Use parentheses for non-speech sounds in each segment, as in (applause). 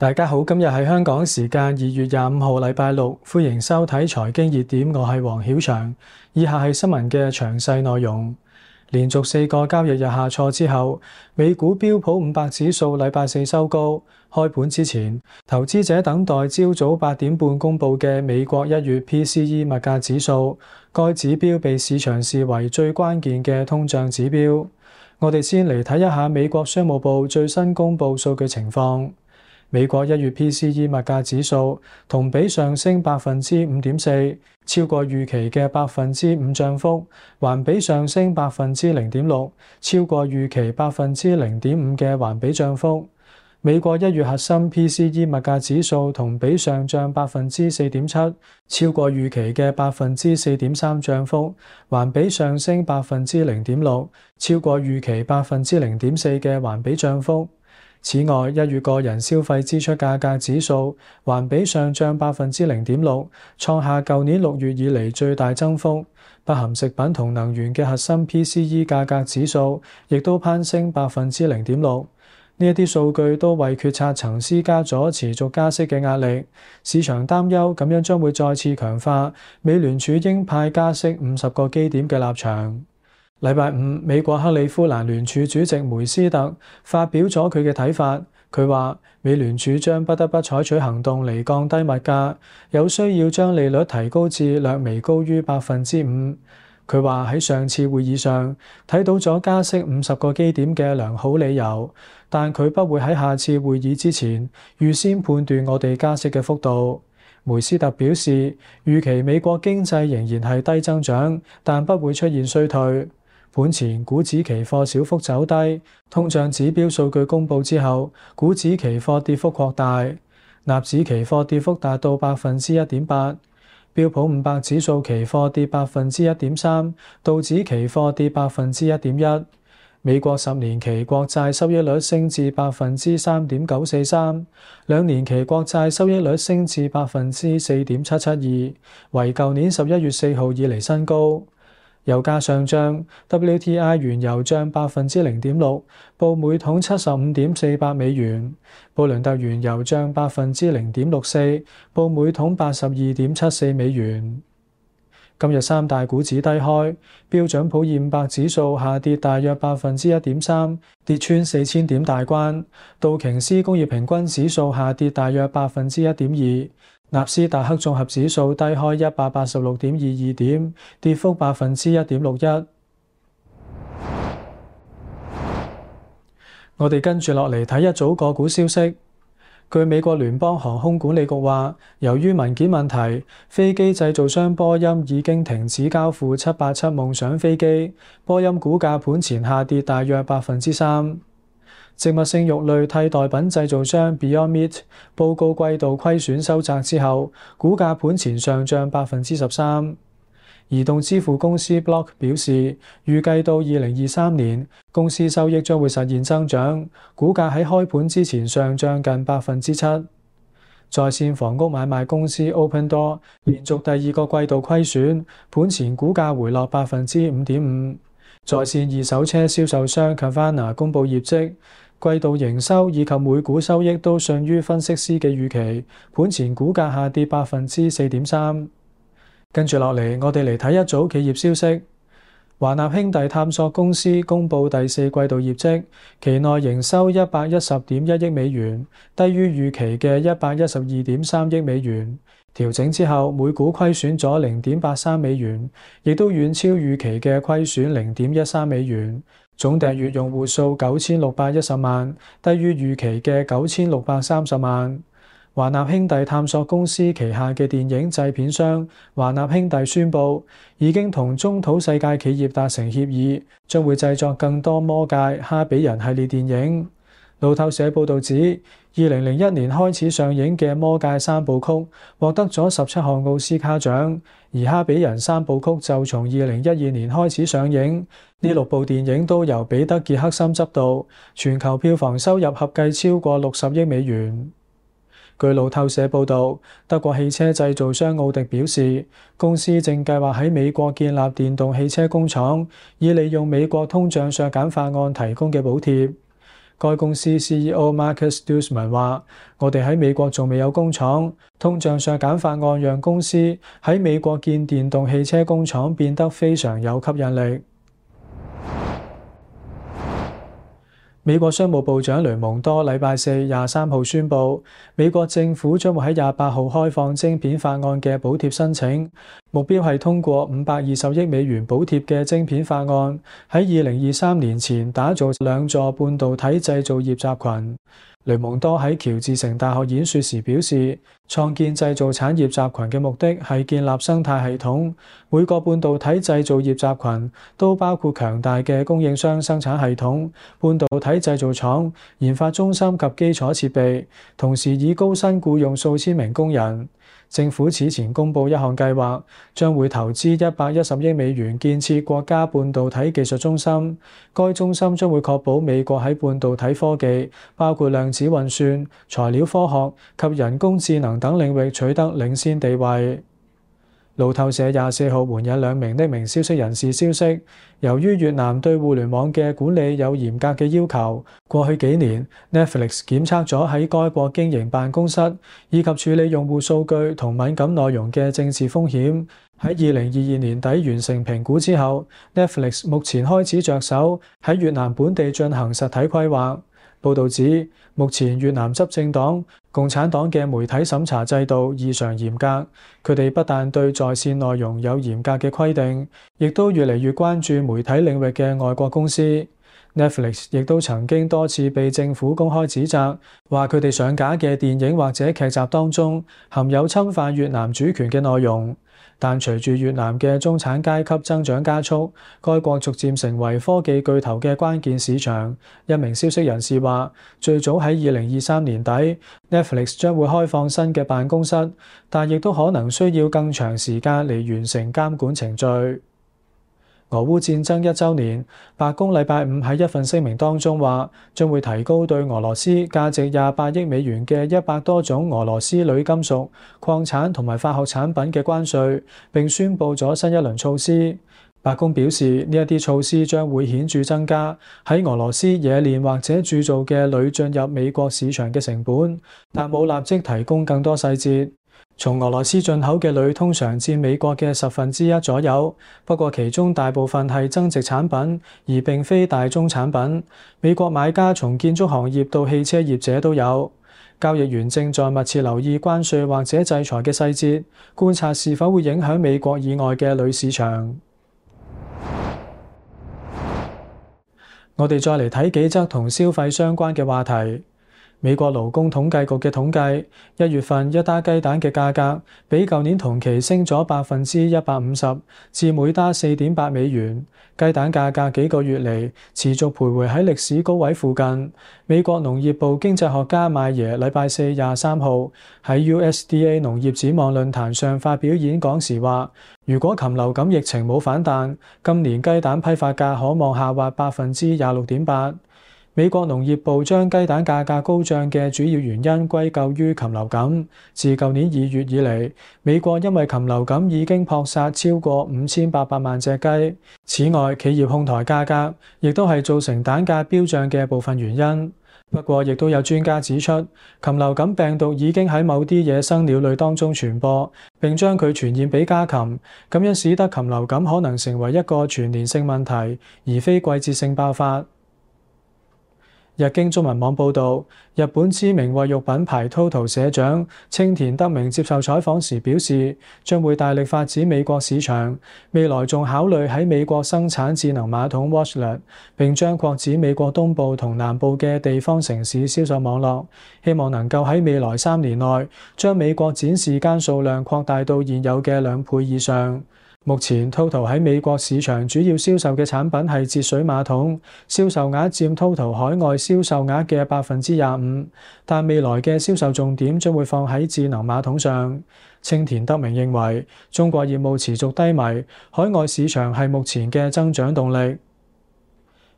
大家好，今日係香港時間二月廿五號，禮拜六，歡迎收睇財經熱點。我係黃曉翔。以下係新聞嘅詳細內容。連續四個交易日下挫之後，美股標普五百指數禮拜四收高。開盤之前，投資者等待朝早八點半公布嘅美國一月 PCE 物價指數，該指標被市場視為最關鍵嘅通脹指標。我哋先嚟睇一下美國商務部最新公布數據情況。美國一月 PCE 物價指數同比上升百分之五點四，超過預期嘅百分之五漲幅，環比上升百分之零點六，超過預期百分之零點五嘅環比漲幅。美國一月核心 PCE 物價指數同比上漲百分之四點七，超過預期嘅百分之四點三漲幅，環比上升百分之零點六，超過預期百分之零點四嘅環比漲幅。此外，一月個人消費支出價格指數環比上漲百分之零點六，創下舊年六月以嚟最大增幅。不含食品同能源嘅核心 PCE 價格指數亦都攀升百分之零點六。呢一啲數據都為決策層施加咗持續加息嘅壓力，市場擔憂咁樣將會再次強化美聯儲鷹派加息五十個基點嘅立場。禮拜五，美國克里夫蘭聯儲主席梅斯特發表咗佢嘅睇法。佢話美聯儲將不得不採取行動嚟降低物價，有需要將利率提高至略微高於百分之五。佢話喺上次會議上睇到咗加息五十個基點嘅良好理由，但佢不會喺下次會議之前預先判斷我哋加息嘅幅度。梅斯特表示，預期美國經濟仍然係低增長，但不會出現衰退。盤前，股指期貨小幅走低。通脹指標數據公布之後，股指期貨跌幅擴大，納指期貨跌幅達到百分之一點八，標普五百指數期貨跌百分之一點三，道指期貨跌百分之一點一。美國十年期國債收益率升至百分之三點九四三，兩年期國債收益率升至百分之四點七七二，為舊年十一月四號以嚟新高。油價上漲，WTI 原油漲百分之零點六，報每桶七十五點四八美元；布倫特原油漲百分之零點六四，報每桶八十二點七四美元。今日三大股指低開，標準普爾五百指數下跌大約百分之一點三，跌穿四千點大關。道瓊斯工業平均指數下跌大約百分之一點二，納斯達克綜合指數低開一百八十六點二二點，跌幅百分之一點六一。 (noise) 我哋跟住落嚟睇一組個股消息。據美國聯邦航空管理局話，由於文件問題，飛機製造商波音已經停止交付七八七夢想飛機。波音股價盤前下跌大約百分之三。植物性肉類替代品製造商 Beyond Meat 報告季度虧損收窄之後，股價盤前上漲百分之十三。移動支付公司 Block 表示，預計到二零二三年，公司收益將會實現增長。股價喺開盤之前上漲近百分之七。在線房屋買賣公司 OpenDoor 連續第二個季度虧損，盤前股價回落百分之五點五。在線二手車銷售商 Carvana 公佈業績，季度營收以及每股收益都遜於分析師嘅預期，盤前股價下跌百分之四點三。跟住落嚟，我哋嚟睇一組企業消息。華納兄弟探索公司公布第四季度業績，期內營收一百一十點一億美元，低於預期嘅一百一十二點三億美元。調整之後，每股虧損咗零點八三美元，亦都遠超預期嘅虧損零點一三美元。總訂閱用戶數九千六百一十萬，低於預期嘅九千六百三十萬。華納兄弟探索公司旗下嘅電影製片商華納兄弟宣布，已經同中土世界企業達成協議，將會製作更多魔戒、哈比人系列電影。路透社報道指，二零零一年開始上映嘅魔戒三部曲獲得咗十七項奧斯卡獎，而哈比人三部曲就從二零一二年開始上映。呢六部電影都由彼得傑克森執導，全球票房收入合計超過六十億美元。據路透社報導，德國汽車製造商奧迪表示，公司正計劃喺美國建立電動汽車工廠，以利用美國通脹削減法案提供嘅補貼。該公司 CEO Markus Duesmann 話： (noise) 我哋喺美國仲未有工廠，通脹削減法案讓公司喺美國建電動汽車工廠變得非常有吸引力。美國商務部長雷蒙多禮拜四廿三號宣布，美國政府將會喺廿八號開放晶片法案嘅補貼申請。目標係通過五百二十億美元補貼嘅晶片法案，喺二零二三年前打造兩座半導體製造業集群。雷蒙多喺喬治城大學演說時表示，創建製造產業集群嘅目的係建立生態系統。每個半導體製造業集群都包括強大嘅供應商生產系統、半導體製造廠、研發中心及基礎設備，同時以高薪僱用數千名工人。政府此前公布一項計劃，將會投資一百一十億美元建設國家半導體技術中心。該中心將會確保美國喺半導體科技，包括量子運算、材料科學及人工智能等領域取得領先地位。路透社廿四號援引兩名匿名消息人士消息，由於越南對互聯網嘅管理有嚴格嘅要求，過去幾年 Netflix 檢測咗喺該國經營辦公室以及處理用戶數據同敏感內容嘅政治風險。喺二零二二年底完成評估之後，Netflix 目前開始着手喺越南本地進行實體規劃。報導指，目前越南執政黨共產黨嘅媒體審查制度異常嚴格，佢哋不但對在線內容有嚴格嘅規定，亦都越嚟越關注媒體領域嘅外國公司。Netflix 亦都曾經多次被政府公開指責，話佢哋上架嘅電影或者劇集當中含有侵犯越南主權嘅內容。但隨住越南嘅中產階級增長加速，該國逐漸成為科技巨頭嘅關鍵市場。一名消息人士話，最早喺二零二三年底，Netflix 將會開放新嘅辦公室，但亦都可能需要更長時間嚟完成監管程序。俄烏戰爭一周年，白宮禮拜五喺一份聲明當中話，將會提高對俄羅斯價值廿八億美元嘅一百多種俄羅斯鋁金屬、礦產同埋化學產品嘅關稅，并宣布咗新一輪措施。白宮表示，呢一啲措施將會顯著增加喺俄羅斯冶煉或者鑄造嘅鋁進入美國市場嘅成本，但冇立即提供更多細節。從俄羅斯進口嘅鋁通常佔美國嘅十分之一左右，不過其中大部分係增值產品，而並非大宗產品。美國買家從建築行業到汽車業者都有。交易員正在密切留意關稅或者制裁嘅細節，觀察是否會影響美國以外嘅鋁市場。 (noise) 我哋再嚟睇幾則同消費相關嘅話題。美國勞工統計局嘅統計，一月份一打雞蛋嘅價格比舊年同期升咗百分之一百五十，至每打四點八美元。雞蛋價格幾個月嚟持續徘徊喺歷史高位附近。美國農業部經濟學家麥耶禮拜四廿三號喺 USDA 農業展望論壇上發表演講時話，如果禽流感疫情冇反彈，今年雞蛋批發價可望下滑百分之廿六點八。美國農業部將雞蛋價格高漲嘅主要原因歸咎於禽流感。自舊年二月以嚟，美國因為禽流感已經撲殺超過五千八百萬隻雞。此外，企業控台價格亦都係造成蛋價飆漲嘅部分原因。不過，亦都有專家指出，禽流感病毒已經喺某啲野生鳥類當中傳播，並將佢傳染俾家禽，咁樣使得禽流感可能成為一個全年性問題，而非季節性爆發。日經中文網報導，日本知名衛浴品牌 TOTO 社長清田德明接受採訪時表示，將會大力發展美國市場。未來仲考慮喺美國生產智能馬桶 Washlet，並將擴展美國東部同南部嘅地方城市銷售網絡，希望能夠喺未來三年內將美國展示間數量擴大到現有嘅兩倍以上。目前，TOTO 喺美國市場主要銷售嘅產品係節水馬桶，銷售額佔 TOTO 海外銷售額嘅百分之廿五。但未來嘅銷售重點將會放喺智能馬桶上。清田德明認為，中國業務持續低迷，海外市場係目前嘅增長動力。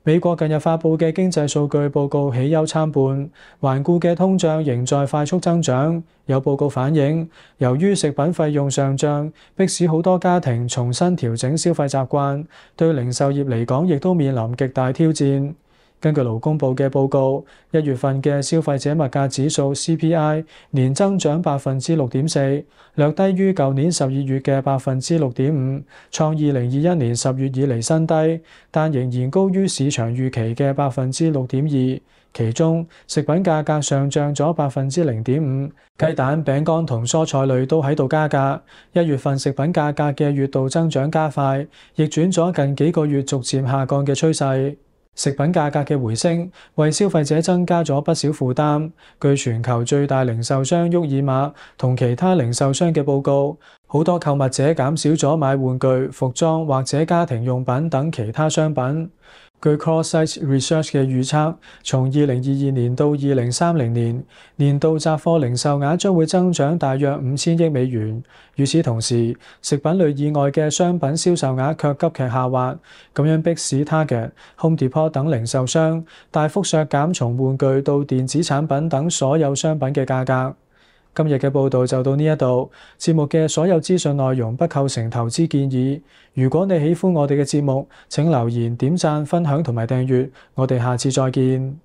美國近日發布嘅經濟數據報告喜憂參半，頑固嘅通脹仍在快速增長。有報告反映，由於食品費用上漲，迫使好多家庭重新調整消費習慣，對零售業嚟講亦都面臨極大挑戰。根據勞工部嘅報告，一月份嘅消費者物價指數 （CPI） 年增長百分之六點四，略低於舊年十二月嘅百分之六點五，創二零二一年十月以嚟新低，但仍然高於市場預期嘅百分之六點二。其中，食品價格上漲咗百分之零點五，雞蛋、餅乾同蔬菜類都喺度加價。一月份食品價格嘅月度增長加快，逆轉咗近幾個月逐漸下降嘅趨勢。食品價格嘅回昇，為消費者增加咗不少負擔。據全球最大零售商沃爾瑪同其他零售商嘅報告，好多購物者減少咗買玩具、服裝或者家庭用品等其他商品。據 Cross Site Research 嘅預測，從二零二二年到二零三零年，年度雜貨零售額將會增長大約五千億美元。與此同時，食品類以外嘅商品銷售額卻急劇下滑，咁樣迫使 Target、Home Depot 等零售商大幅削減從玩具到電子產品等所有商品嘅價格。今日嘅報道就到呢一度。節目嘅所有資訊內容不構成投資建議。如果你喜歡我哋嘅節目，請留言、點讚、分享同埋訂閱。我哋下次再見。